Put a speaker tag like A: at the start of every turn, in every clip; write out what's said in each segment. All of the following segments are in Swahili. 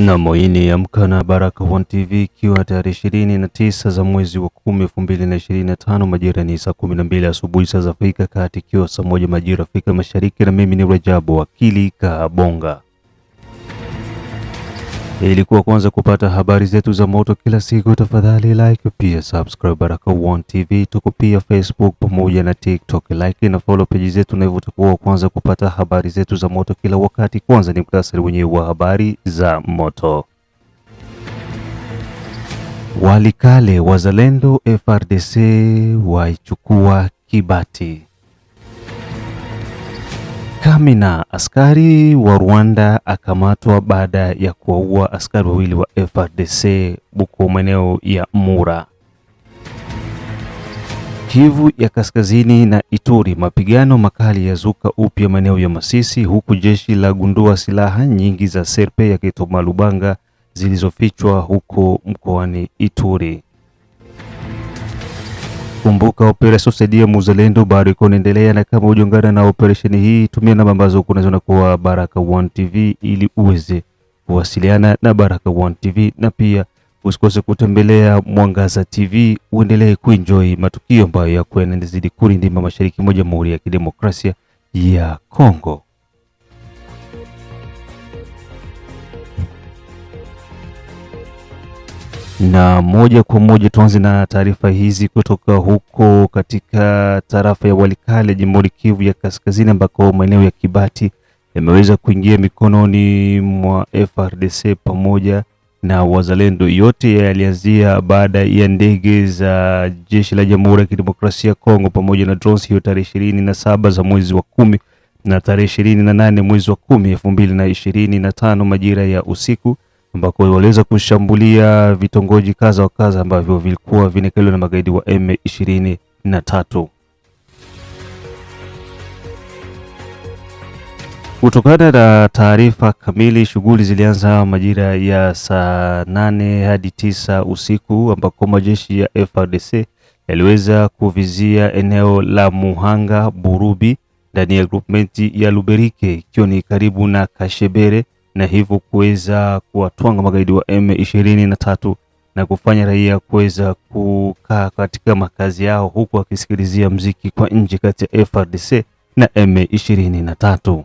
A: na moini Amka na Baraka One TV ikiwa tarehe ishirini na tisa za mwezi wa kumi elfu mbili na ishirini na tano majira ni saa kumi na mbili asubuhi saa za Afrika Kati, ikiwa saa moja majira Afrika Mashariki, na mimi ni Rajabu Wakili Kabonga. Ilikuwa kwanza kupata habari zetu za moto kila siku, tafadhali like pia subscribe baraka One TV. Tuko pia Facebook pamoja na TikTok, like na follow page zetu, na hivyo utakuwa kwanza kupata habari zetu za moto kila wakati. Kwanza ni muhtasari wenyewe wa habari za moto. Walikale wazalendo frdc waichukua Kibati. Kamina, askari wa Rwanda akamatwa baada ya kuwaua askari wawili wa frdc Buko, maeneo ya Mura. Kivu ya Kaskazini na Ituri, mapigano makali yazuka upya maeneo ya Masisi, huku jeshi la gundua silaha nyingi za Serpe yakitoma Lubanga zilizofichwa huko mkoani Ituri. Kumbuka operesheni Saidia Muzalendo bado iko inaendelea, na kama hujaungana na operesheni hii, tumia namba ambazo kunaziona kwa Baraka One TV ili uweze kuwasiliana na Baraka One TV, na pia usikose kutembelea Mwangaza TV uendelee kuenjoy matukio ambayo yako yanazidi kurindima mashariki mwa Jamhuri ya Kidemokrasia ya Kongo. na moja kwa moja tuanze na taarifa hizi kutoka huko katika tarafa ya Walikale, jimboni Kivu ya Kaskazini, ambako maeneo ya Kibati yameweza kuingia mikononi mwa FRDC pamoja na wazalendo. Yote yalianzia baada ya ndege za jeshi la Jamhuri ya Kidemokrasia ya Kongo pamoja na drones hiyo tarehe ishirini na saba za mwezi wa kumi na tarehe ishirini na nane mwezi wa kumi elfu mbili na ishirini na tano majira ya usiku ambako waliweza kushambulia vitongoji kadha wa kadha ambavyo vilikuwa vinakaliwa na magaidi wa M23. Kutokana na taarifa kamili, shughuli zilianza majira ya saa nane hadi tisa usiku ambako majeshi ya FARDC yaliweza kuvizia eneo la Muhanga Burubi ndani ya grupmenti ya Luberike ikiwa ni karibu na Kashebere na hivyo kuweza kuwatwanga magaidi wa M23 na kufanya raia kuweza kukaa katika makazi yao huku akisikilizia mziki kwa nje kati ya frdc na M23.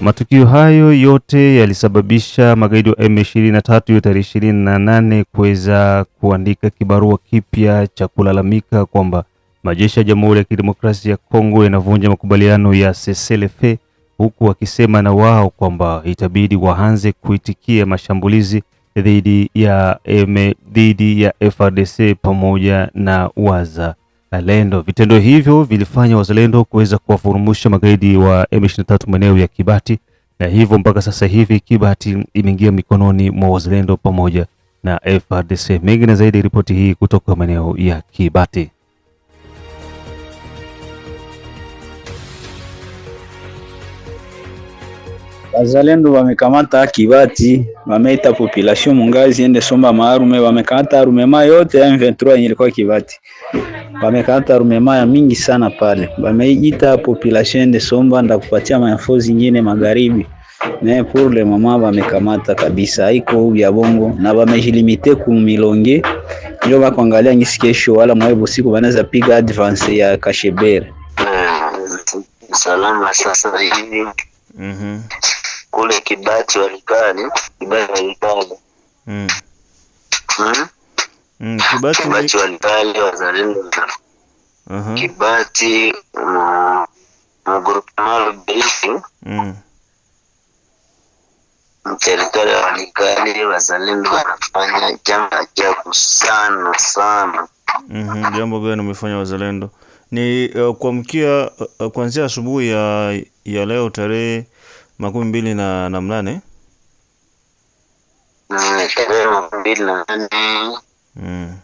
A: Matukio hayo yote yalisababisha magaidi wa M23 ya tarehe 28 kuweza kuandika kibarua kipya cha kulalamika kwamba Majeshi ya Jamhuri ya Kidemokrasia ya Kongo yanavunja makubaliano ya Cessez-le-feu huku wakisema na wao kwamba itabidi waanze kuitikia mashambulizi dhidi ya M, dhidi ya FRDC pamoja na wazalendo. Vitendo hivyo vilifanya wazalendo kuweza kuwafurumusha magaidi wa M23 maeneo ya Kibati, na hivyo mpaka sasa hivi Kibati imeingia mikononi mwa wazalendo pamoja na frdc Mengi na zaidi, ripoti hii kutoka maeneo ya Kibati. Bazalendo wamekamata Kibati, wameita population Mungazi ende somba maarume, wamekamata rumema yote ya M23 yenye ilikuwa Kibati. Wamekamata rumema ya mingi sana pale. Wameita population ende somba nda kupatia mafunzo zingine magharibi. Mais pour le moment wamekamata kabisa, haiko ya bongo na wamejilimite ku milonge. Ndio bakuangalia ngisi kesho wala mwebo siku wanaweza piga advance ya Kashebere. Ah, salama sasa hivi. Mhm kule Kibati Walikali, Kibati walikani mm. hmm? mm, Kibati, Kibati Walikali Wazalendo uh -huh. Kibati mm, mgrupemalo Belizi mm. Mterikali wa Walikali Wazalendo wanafanya jambo ajabu sana sana. mm -hmm. Jambo gani umefanya Wazalendo? Ni uh, kuamkia uh, kuanzia asubuhi ya, ya leo tarehe makumi mbili na, na mnane tarehe makumi mbili na nane mm.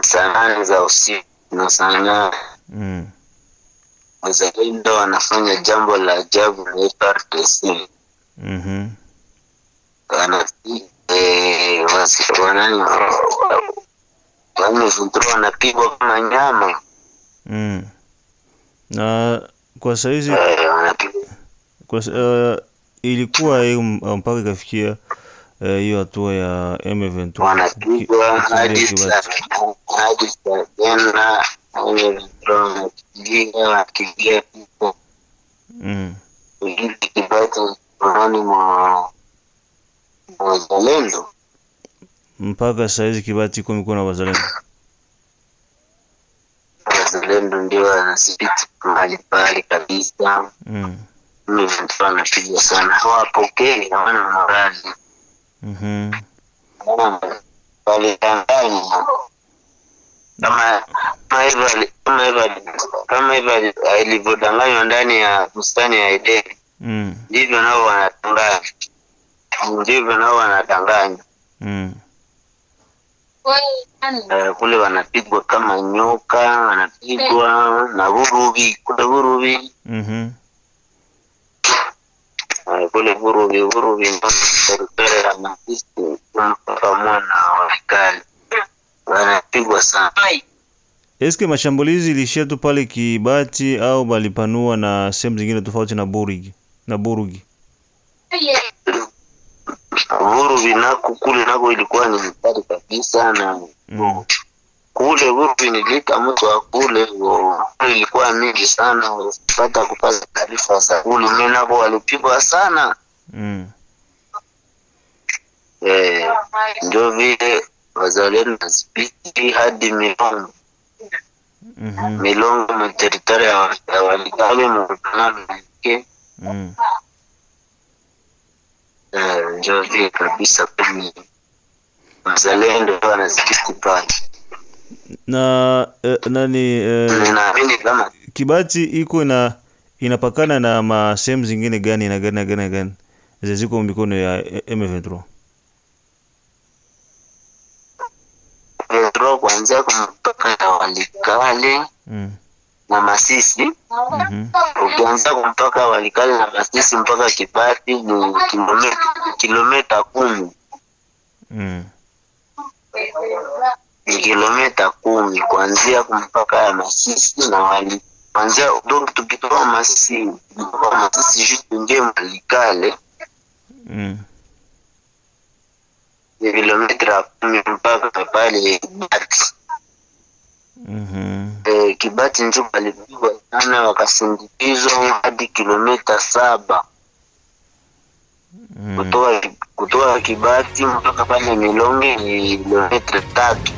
A: saa nane za usiku na saa nane mm. Wazalendo wanafanya jambo la ajabu na mm-hmm. eh, wanapigwa kama nyama mm. na kwa saizi eh, kwa, uh, ilikuwa hiyo eh, mpaka ikafikia eh, hiyo hatua ya M23 wanapigwa hadi hadi jana, huko mkononi mm. mwa wazalendo. Mpaka saizi Kibati iko mikono ya wazalendo. Wazalendo ndio wanasipiti mahali pale kabisa. Mm anapigwa sana, hawapokei, hawana mhm. kama hivyo ndani ya bustani ya Edeni, mm. ndivyo nao wanadanganya, ndivyo nao wanadanganywa mm. eh, kule wanapigwa kama nyoka, wanapigwa na vuruvi, kule vuruvi. Mhm vile vuruvi vuruvi mbao serikali ya Masisi pamoja na wafikali wanapigwa sana. Eske mashambulizi ilishia tu pale Kibati au balipanua na sehemu zingine tofauti na Burugi na Burugi? Vuruvi nako kule nako ilikuwa ni mbali kabisa na mm kule Uri nilita mtu wa kule ilikuwa mingi sana, pata kupata taarifa za kule mimi nako walipigwa sana mm. Eh, ndio vile wazalendo nasipiti hadi Milongo mm -hmm. Milongo materitori ya Walikale mnaake mm. Eh, ndio vile kabisa kumi wazalendo wanazidi kupata na eh, nani kama eh, Kibati iko na inapakana na masehemu zingine gani na gani na gani na gani ziko mikono ya M23 kuanzia kwa mpaka wa Likale mm. na Masisi mm -hmm. Ukianza kwa mpaka wa Likale na Masisi mpaka Kibati ni kilometa kumi mm ni kilomita kumi kuanzia mpaka ya Masisi na wali kuanzia donc tukitoka Masisi kwa Masisi juu tuingie Malikale mm. ni kilomita kumi mpaka pale Kibati. Mm-hmm. E, Kibati njo palipigwa sana wakasindikizwa hadi kilomita saba mm. kutoka Kibati mpaka pale Milonge ni kilomita tatu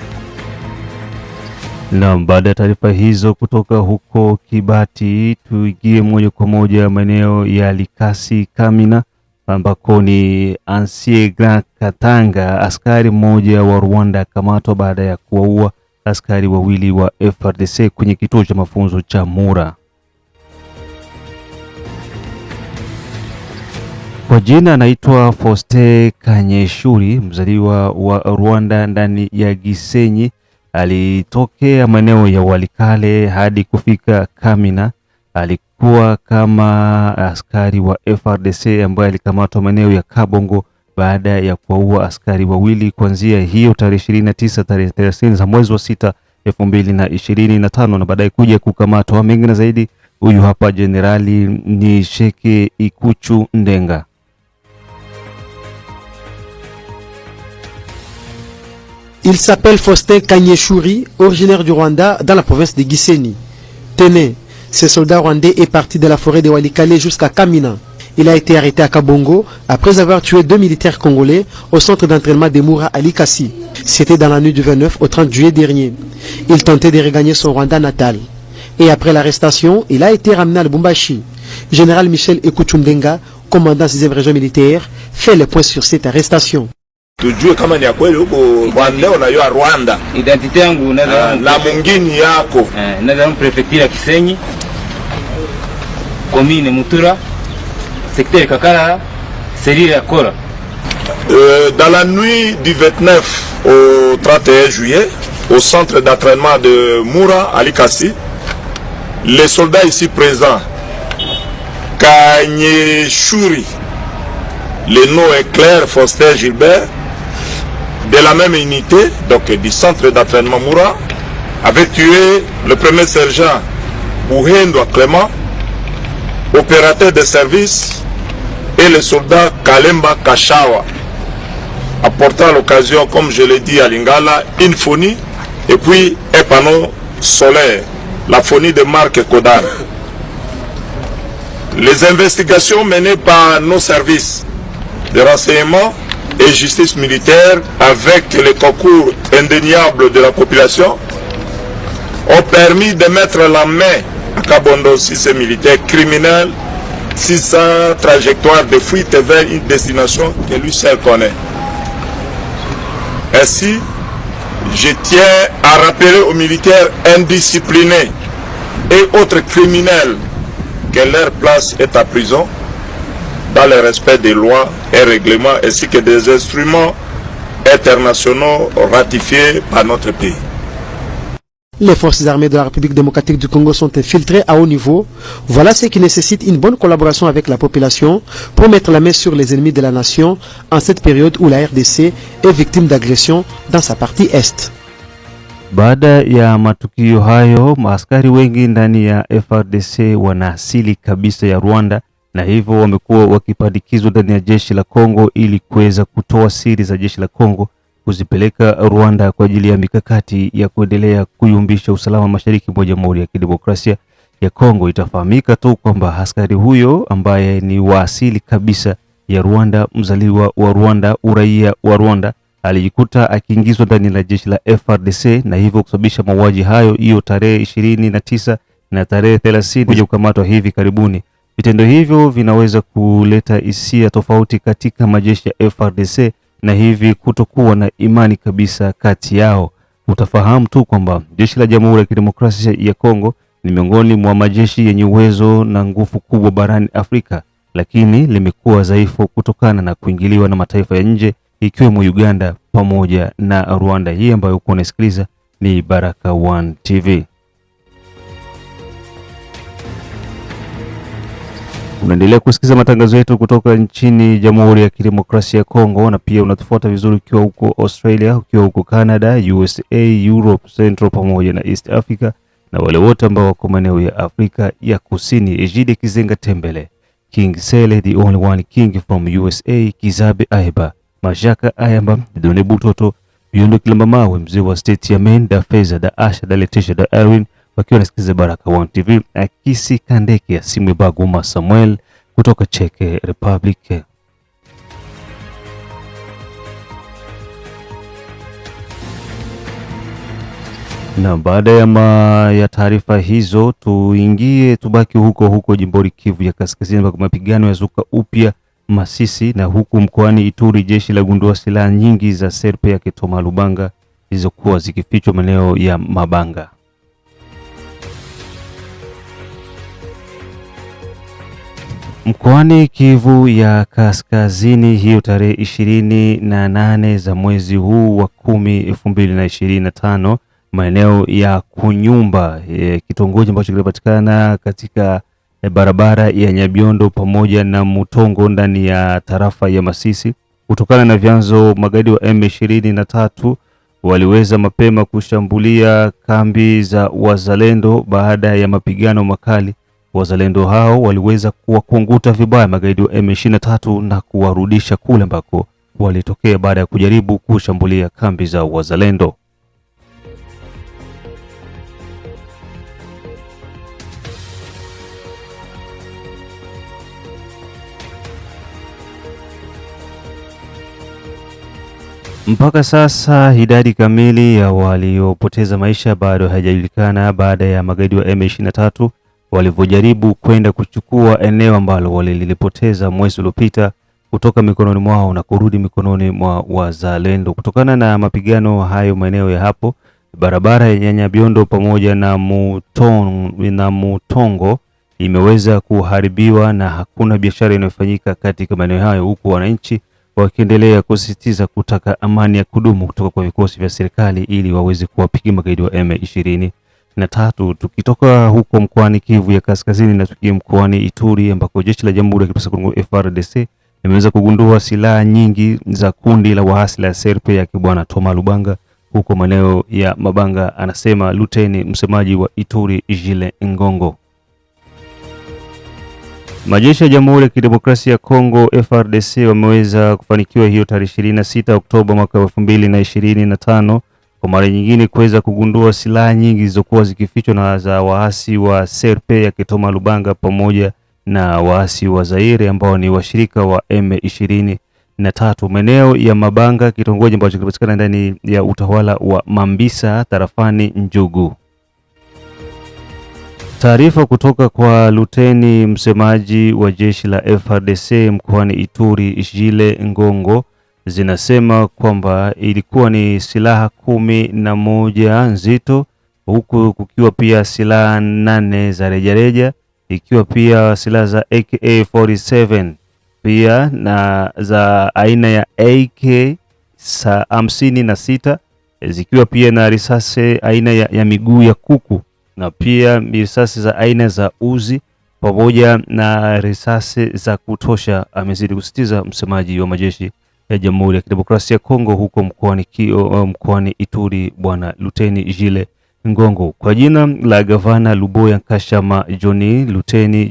A: na baada ya taarifa hizo kutoka huko Kibati, tuingie moja kwa moja maeneo ya Likasi Kamina, ambako ni Ancien Grand Katanga. Askari mmoja wa Rwanda akamatwa baada ya kuwaua askari wawili wa frdc kwenye kituo cha mafunzo cha Mura. Kwa jina anaitwa Faustin Kanyeshuri, mzaliwa wa Rwanda ndani ya Gisenyi Alitokea maeneo ya Walikale hadi kufika Kamina. Alikuwa kama askari wa FRDC ambaye alikamatwa maeneo ya Kabongo baada ya kuwaua askari wawili kuanzia hiyo tarehe 29 tarehe 30 za mwezi wa sita elfu mbili na ishirini na tano na baadaye kuja kukamatwa mengine zaidi. Huyu hapa jenerali ni Sheke Ikuchu Ndenga. Il s'appelle Faustin Kanyeshuri, originaire du Rwanda, dans la province de Gisenyi. Tenez, ce soldat rwandais est parti de la forêt de Walikale jusqu'à Kamina. Il a été arrêté à Kabongo après avoir tué deux militaires congolais au centre d'entraînement de Moura à C'était dans la nuit du 29 au 30 juillet dernier. Il tentait de regagner son Rwanda natal. Et après l'arrestation, il a été ramené à Lubumbashi. Général Michel Ekuchumdenga, commandant 6e région militaire, fait le point sur cette arrestation. Tujue kama ni ya kweli huko na yo Rwanda identite yangu na ah, la mungini yako eh, na prefecture ya
B: Kisenyi, commune Mutura, secteur Kakara, serire ya Kora. Euh, dans la nuit du 29 au 31 juillet, au centre d'entraînement de Moura à les soldats ici présents, Shuri le nom est clair Foster Gilbert, de la même unité, donc du centre d'entraînement Moura, avait tué le premier sergent Bouhendo Clément, opérateur de service, et le soldat Kalemba Kachawa, apportant à l'occasion, comme je l'ai dit à Lingala, une phonie et puis un panneau solaire, la phonie de Marc Kodar. Les investigations menées par nos services de renseignement et justice militaire avec le concours indéniable de la population ont permis de mettre la main à Kabondo si ces militaires criminels, sa trajectoire de fuite vers une destination que lui seul connaît. Ainsi, je tiens à rappeler aux militaires indisciplinés et autres criminels que leur place est à prison dans le respect des lois et règlements ainsi que des instruments internationaux ratifiés par notre pays.
A: Les forces armées de la République démocratique du Congo sont infiltrées à haut niveau. Voilà ce qui nécessite une bonne collaboration avec la population pour mettre la main sur les ennemis de la nation en cette période où la RDC est victime d'agressions dans sa partie Est.
C: Bada ya matukio hayo, wengi wana kabisa ya Rwanda na hivyo wamekuwa wakipandikizwa ndani ya jeshi la Kongo ili kuweza kutoa siri za jeshi la Kongo kuzipeleka Rwanda kwa ajili ya mikakati ya kuendelea kuyumbisha usalama mashariki mwa Jamhuri ya Kidemokrasia ya Kongo. Itafahamika tu kwamba askari huyo ambaye ni wa asili kabisa ya Rwanda, mzaliwa wa Rwanda, uraia wa Rwanda, alijikuta akiingizwa ndani la jeshi la frdc na hivyo kusababisha mauaji hayo, hiyo tarehe ishirini na tisa na tarehe 30 kuja kukamatwa hivi karibuni Vitendo hivyo vinaweza kuleta hisia tofauti katika majeshi ya frdc na hivi kutokuwa na imani kabisa kati yao. Utafahamu tu kwamba jeshi la Jamhuri ya Kidemokrasia ya Kongo ni miongoni mwa majeshi yenye uwezo na nguvu kubwa barani Afrika, lakini limekuwa dhaifu kutokana na kuingiliwa na mataifa ya nje ikiwemo Uganda pamoja na Rwanda. Hii ambayo uko unasikiliza ni Baraka One TV. Unaendelea kusikiza matangazo yetu kutoka nchini Jamhuri ya Kidemokrasia ya Kongo, na pia unatufuata vizuri ukiwa huko Australia, ukiwa huko Canada, USA, Europe Central pamoja na East Africa, na wale wote ambao wako maeneo ya Afrika ya Kusini. Ejide Kizenga Tembele, King Sele, the only one king from USA, Kizabe Aiba, Mashaka Ayamba, Done Butoto, Biondo Kilamba Mawe, mzee wa state ya Maine, da Feza, da Asha, da da wakiwa nasikiliza Baraka One TV. Akisi Kandeke ya simu Baguma Samuel kutoka Czech Republic. Na baada ya, ya taarifa hizo tuingie tubaki huko huko jimboni Kivu ya Kaskazini ambako mapigano yazuka upya Masisi na huku mkoani Ituri jeshi la gundua silaha nyingi za serpe ya Kitoma Lubanga zilizokuwa zikifichwa maeneo ya Mabanga. Mkoani Kivu ya Kaskazini hiyo tarehe ishirini na nane za mwezi huu wa kumi elfu mbili na ishirini na tano maeneo ya Kunyumba e, kitongoji ambacho kinapatikana katika e, barabara ya Nyabiondo pamoja na Mutongo ndani ya tarafa ya Masisi. Kutokana na vyanzo, magaidi wa M23 waliweza mapema kushambulia kambi za wazalendo baada ya mapigano makali Wazalendo hao waliweza kuwakunguta vibaya magaidi wa M23 na kuwarudisha kule ambako walitokea baada ya kujaribu kushambulia kambi za wazalendo. Mpaka sasa idadi kamili ya waliopoteza maisha bado haijajulikana baada ya magaidi wa M23 walivyojaribu kwenda kuchukua eneo ambalo walilipoteza mwezi uliopita kutoka mikononi mwao na kurudi mikononi mwa wazalendo. Kutokana na mapigano hayo, maeneo ya hapo barabara ya Nyanyabiondo pamoja na Mutongo, na Mutongo imeweza kuharibiwa na hakuna biashara inayofanyika katika maeneo hayo, huku wananchi wakiendelea kusisitiza kutaka amani ya kudumu kutoka kwa vikosi vya serikali ili waweze kuwapiga magaidi wa M 20 na tatu. Tukitoka huko mkoani Kivu ya Kaskazini na tukie mkoani Ituri ambako jeshi la Jamhuri ya Kidemokrasia ya Kongo FRDC limeweza kugundua silaha nyingi za kundi la waasi la serpe ya Bwana Toma Lubanga huko maeneo ya Mabanga, anasema luteni msemaji wa Ituri Jile Ngongo. Majeshi ya Jamhuri ya Kidemokrasia ya Kongo frdc wameweza kufanikiwa hiyo tarehe 26 Oktoba mwaka 2025 kwa mara nyingine kuweza kugundua silaha nyingi zilizokuwa zikifichwa na za waasi wa SRP ya Kitoma Lubanga pamoja na waasi wa Zaire ambao ni washirika wa M23 maeneo ya Mabanga, kitongoji ambacho kinapatikana ndani ya utawala wa Mambisa tarafani Njugu. Taarifa kutoka kwa luteni msemaji wa jeshi la frdc mkoani Ituri Jile Ngongo zinasema kwamba ilikuwa ni silaha kumi na moja nzito huku kukiwa pia silaha nane za rejareja ikiwa pia silaha za AK47 pia na za aina ya AK hamsini na sita zikiwa pia na risasi aina ya, ya miguu ya kuku na pia risasi za aina za uzi pamoja na risasi za kutosha, amezidi kusitiza msemaji wa majeshi ya Jamhuri ya Kidemokrasia ya Kongo huko mkoani uh, mkoani Ituri, Bwana Luteni Jile Ngongo kwa jina la gavana Luboya Nkashama Joni, Luteni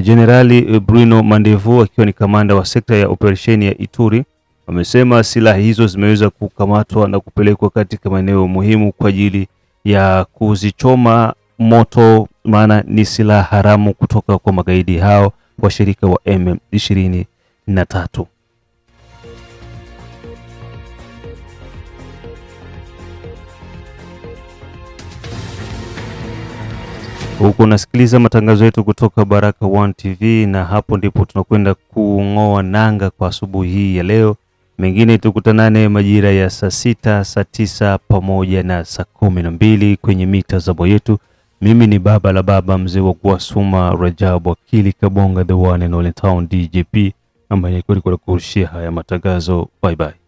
C: Jenerali eh, Bruno Mandevu akiwa ni kamanda wa sekta ya operesheni ya Ituri wamesema silaha hizo zimeweza kukamatwa na kupelekwa katika maeneo muhimu kwa ajili ya kuzichoma moto, maana ni silaha haramu kutoka kwa magaidi hao washirika wa M23. huku unasikiliza matangazo yetu kutoka Baraka One TV, na hapo ndipo tunakwenda kung'oa nanga kwa asubuhi hii ya leo. Mengine tukutanane majira ya saa sita, saa tisa pamoja na saa kumi na mbili kwenye mitazamo yetu. Mimi ni baba la baba mzee wa Gwasuma Rajabu Akili Kabonga, the one and only town DJP ambaye nilikuwa nikurushia haya matangazo. Bye bye.